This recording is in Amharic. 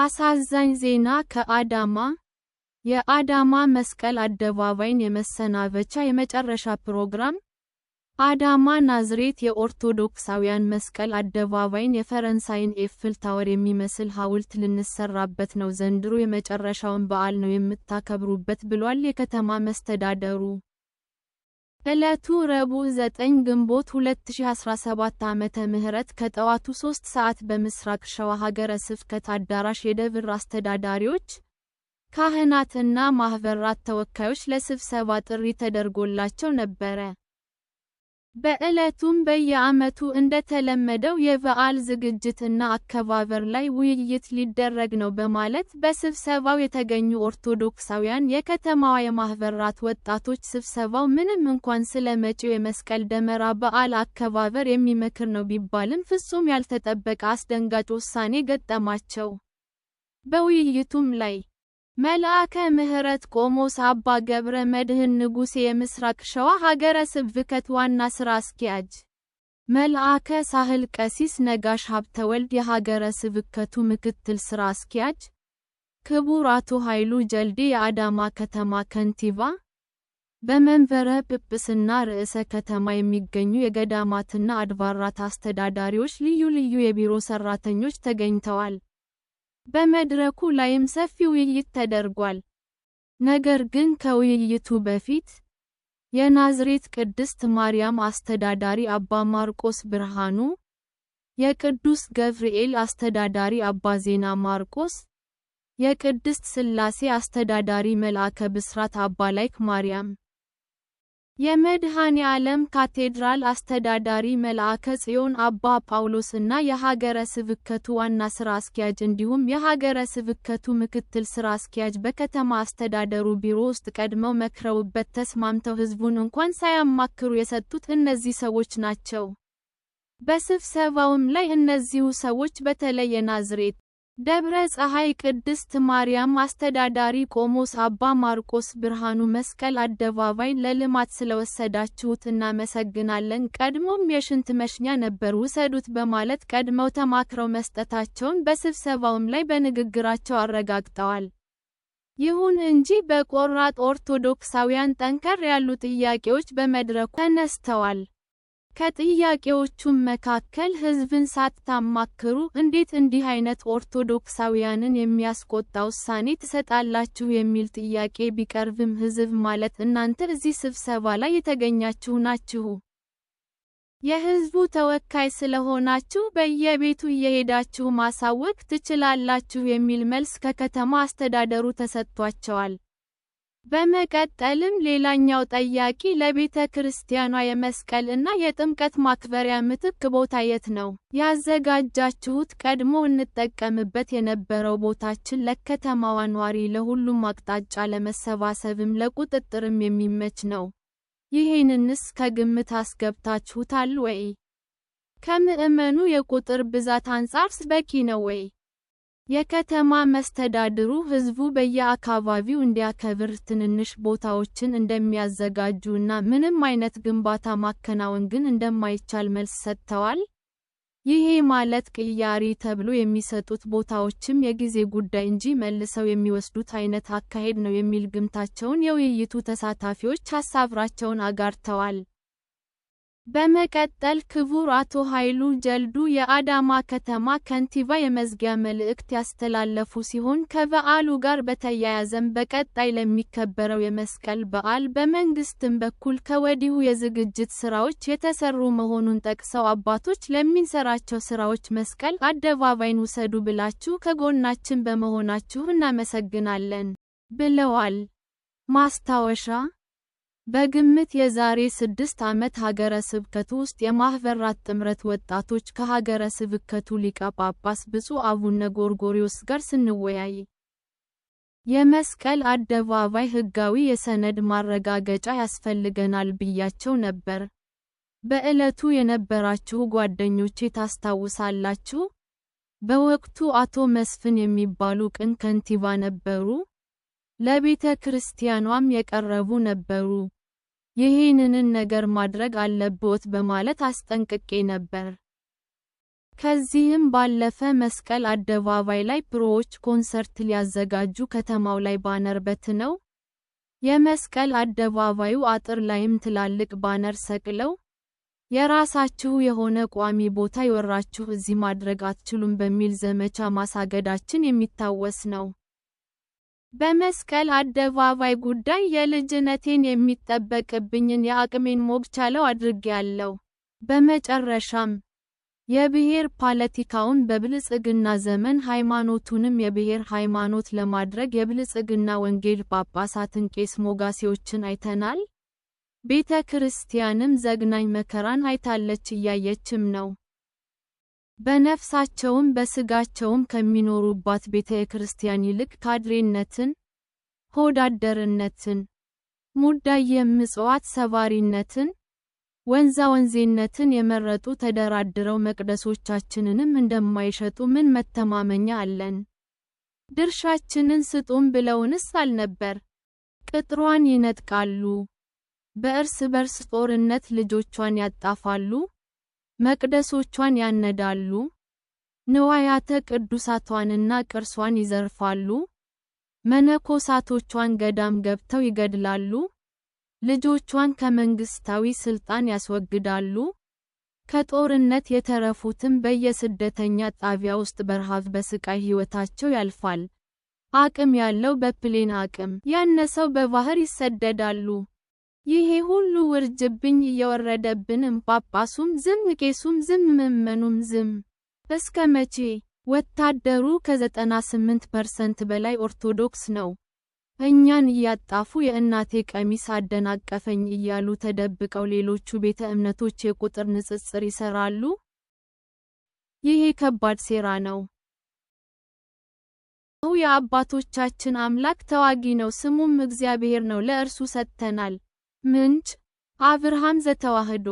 አሳዛኝ ዜና ከአዳማ የአዳማ መስቀል አደባባይን የመሰናበቻ የመጨረሻ ፕሮግራም አዳማ ናዝሬት የኦርቶዶክሳውያን መስቀል አደባባይን የፈረንሳይን ኤፍል ታወር የሚመስል ሐውልት ልንሰራበት ነው ዘንድሮ የመጨረሻውን በዓል ነው የምታከብሩበት ብሏል የከተማ መስተዳደሩ ዕለቱ ረቡዕ 9 ግንቦት 2017 ዓመተ ምህረት ከጠዋቱ 3 ሰዓት በምስራቅ ሸዋ ሀገረ ስብከት አዳራሽ የደብር አስተዳዳሪዎች፣ ካህናትና ማኅበራት ተወካዮች ለስብሰባ ጥሪ ተደርጎላቸው ነበረ። በዕለቱም በየዓመቱ እንደተለመደው የበዓል ዝግጅትና አከባበር ላይ ውይይት ሊደረግ ነው በማለት በስብሰባው የተገኙ ኦርቶዶክሳውያን የከተማዋ የማህበራት ወጣቶች ስብሰባው ምንም እንኳን ስለ መጪው የመስቀል ደመራ በዓል አከባበር የሚመክር ነው ቢባልም ፍጹም ያልተጠበቀ አስደንጋጭ ውሳኔ ገጠማቸው። በውይይቱም ላይ መልአከ ምሕረት ቆሞስ አባ ገብረ መድኅን ንጉሴ የምስራቅ ሸዋ ሀገረ ስብከት ዋና ሥራ አስኪያጅ። መልአከ ሳህል ቀሲስ ነጋሽ ሀብተወልድ የሀገረ ስብከቱ ምክትል ሥራ አስኪያጅ። ክቡር አቶ ኃይሉ ጀልዴ የአዳማ ከተማ ከንቲባ። በመንበረ ጵጵስና ርዕሰ ከተማ የሚገኙ የገዳማትና አድባራት አስተዳዳሪዎች ልዩ ልዩ የቢሮ ሠራተኞች ተገኝተዋል። በመድረኩ ላይም ሰፊ ውይይት ተደርጓል። ነገር ግን ከውይይቱ በፊት የናዝሬት ቅድስት ማርያም አስተዳዳሪ አባ ማርቆስ ብርሃኑ፣ የቅዱስ ገብርኤል አስተዳዳሪ አባ ዜና ማርቆስ፣ የቅድስት ሥላሴ አስተዳዳሪ መልአከ ብስራት አባ ላይክ ማርያም የመድኃኔ ዓለም ካቴድራል አስተዳዳሪ መልአከ ጽዮን አባ ጳውሎስና የሀገረ ስብከቱ ዋና ሥራ አስኪያጅ እንዲሁም የሀገረ ስብከቱ ምክትል ሥራ አስኪያጅ በከተማ አስተዳደሩ ቢሮ ውስጥ ቀድመው መክረውበት ተስማምተው ሕዝቡን እንኳን ሳያማክሩ የሰጡት እነዚህ ሰዎች ናቸው። በስብሰባውም ላይ እነዚሁ ሰዎች በተለይ የናዝሬት ደብረ ፀሐይ ቅድስት ማርያም አስተዳዳሪ ቆሞስ አባ ማርቆስ ብርሃኑ መስቀል አደባባይ ለልማት ስለወሰዳችሁት እናመሰግናለን ቀድሞም የሽንት መሽኛ ነበር ውሰዱት በማለት ቀድመው ተማክረው መስጠታቸውን በስብሰባውም ላይ በንግግራቸው አረጋግጠዋል። ይሁን እንጂ በቆራጥ ኦርቶዶክሳውያን ጠንከር ያሉ ጥያቄዎች በመድረኩ ተነስተዋል። ከጥያቄዎቹም መካከል ሕዝብን ሳታማክሩ እንዴት እንዲህ አይነት ኦርቶዶክሳውያንን የሚያስቆጣ ውሳኔ ትሰጣላችሁ የሚል ጥያቄ ቢቀርብም ሕዝብ ማለት እናንተ እዚህ ስብሰባ ላይ የተገኛችሁ ናችሁ። የሕዝቡ ተወካይ ስለሆናችሁ በየቤቱ እየሄዳችሁ ማሳወቅ ትችላላችሁ የሚል መልስ ከከተማ አስተዳደሩ ተሰጥቷቸዋል። በመቀጠልም ሌላኛው ጠያቂ ለቤተ ክርስቲያኗ የመስቀል እና የጥምቀት ማክበሪያ ምትክ ቦታ የት ነው? ያዘጋጃችሁት ቀድሞ እንጠቀምበት የነበረው ቦታችን ለከተማዋ ኗሪ፣ ለሁሉም አቅጣጫ ለመሰባሰብም ለቁጥጥርም የሚመች ነው። ይሄንንስ ከግምት አስገብታችሁታል ወይ? ከምዕመኑ የቁጥር ብዛት አንጻርስ በቂ ነው ወይ? የከተማ መስተዳድሩ ህዝቡ በየአካባቢው እንዲያከብር ትንንሽ ቦታዎችን እንደሚያዘጋጁ እና ምንም አይነት ግንባታ ማከናወን ግን እንደማይቻል መልስ ሰጥተዋል። ይሄ ማለት ቅያሪ ተብሎ የሚሰጡት ቦታዎችም የጊዜ ጉዳይ እንጂ መልሰው የሚወስዱት አይነት አካሄድ ነው የሚል ግምታቸውን የውይይቱ ተሳታፊዎች አሳብራቸውን አጋርተዋል። በመቀጠል ክቡር አቶ ኃይሉ ጀልዱ የአዳማ ከተማ ከንቲባ የመዝጊያ መልእክት ያስተላለፉ ሲሆን ከበዓሉ ጋር በተያያዘም በቀጣይ ለሚከበረው የመስቀል በዓል በመንግስትም በኩል ከወዲሁ የዝግጅት ስራዎች የተሰሩ መሆኑን ጠቅሰው አባቶች ለሚንሰራቸው ስራዎች መስቀል አደባባይን ውሰዱ ብላችሁ ከጎናችን በመሆናችሁ እናመሰግናለን ብለዋል። ማስታወሻ በግምት የዛሬ ስድስት ዓመት ሀገረ ስብከቱ ውስጥ የማኅበራት ጥምረት ወጣቶች ከሀገረ ስብከቱ ሊቀ ጳጳስ ብፁዕ አቡነ ጎርጎሪዎስ ጋር ስንወያይ የመስቀል አደባባይ ሕጋዊ የሰነድ ማረጋገጫ ያስፈልገናል ብያቸው ነበር። በዕለቱ የነበራችሁ ጓደኞቼ ታስታውሳላችሁ? በወቅቱ አቶ መስፍን የሚባሉ ቅን ከንቲባ ነበሩ። ለቤተ ክርስቲያኗም የቀረቡ ነበሩ። ይህንን ነገር ማድረግ አለብዎት በማለት አስጠንቅቄ ነበር። ከዚህም ባለፈ መስቀል አደባባይ ላይ ፕሮዎች ኮንሰርት ሊያዘጋጁ ከተማው ላይ ባነር በትነው፣ የመስቀል አደባባዩ አጥር ላይም ትላልቅ ባነር ሰቅለው፣ የራሳችሁ የሆነ ቋሚ ቦታ ይወራችሁ እዚህ ማድረግ አትችሉም በሚል ዘመቻ ማሳገዳችን የሚታወስ ነው። በመስቀል አደባባይ ጉዳይ የልጅነቴን የሚጠበቅብኝን የአቅሜን ሞግቻለው አድርጌያለሁ። በመጨረሻም የብሔር ፖለቲካውን በብልጽግና ዘመን ሃይማኖቱንም የብሔር ሃይማኖት ለማድረግ የብልጽግና ወንጌል ጳጳሳትን ቄስ ሞጋሴዎችን አይተናል። ቤተ ክርስቲያንም ዘግናኝ መከራን አይታለች እያየችም ነው። በነፍሳቸውም በስጋቸውም ከሚኖሩባት ቤተ ክርስቲያን ይልቅ ካድሬነትን፣ ሆዳደርነትን፣ ሙዳየ ምጽዋት ሰባሪነትን፣ ወንዛ ወንዜነትን የመረጡ ተደራድረው መቅደሶቻችንንም እንደማይሸጡ ምን መተማመኛ አለን? ድርሻችንን ስጡም ብለውንስ አልነበር? ቅጥሯን ይነጥቃሉ፣ በእርስ በርስ ጦርነት ልጆቿን ያጣፋሉ፣ መቅደሶቿን ያነዳሉ፣ ንዋያተ ቅዱሳቷንና ቅርሷን ይዘርፋሉ፣ መነኮሳቶቿን ገዳም ገብተው ይገድላሉ፣ ልጆቿን ከመንግሥታዊ ሥልጣን ያስወግዳሉ፣ ከጦርነት የተረፉትም በየስደተኛ ጣቢያ ውስጥ በረሃብ በስቃይ ሕይወታቸው ያልፋል። አቅም ያለው በፕሌን አቅም ያነሰው በባህር ይሰደዳሉ። ይሄ ሁሉ ውርጅብኝ እየወረደብንም ጳጳሱም ዝም ቄሱም ዝም ምዕመኑም ዝም። እስከ መቼ? ወታደሩ ከ98% በላይ ኦርቶዶክስ ነው። እኛን እያጣፉ የእናቴ ቀሚስ አደናቀፈኝ እያሉ ተደብቀው ሌሎቹ ቤተ እምነቶች የቁጥር ንጽጽር ይሰራሉ። ይሄ ከባድ ሴራ ነው። የአባቶቻችን አምላክ ተዋጊ ነው ስሙም እግዚአብሔር ነው ለእርሱ ሰጥተናል። ምንጭ አብርሃም ዘተዋሕዶ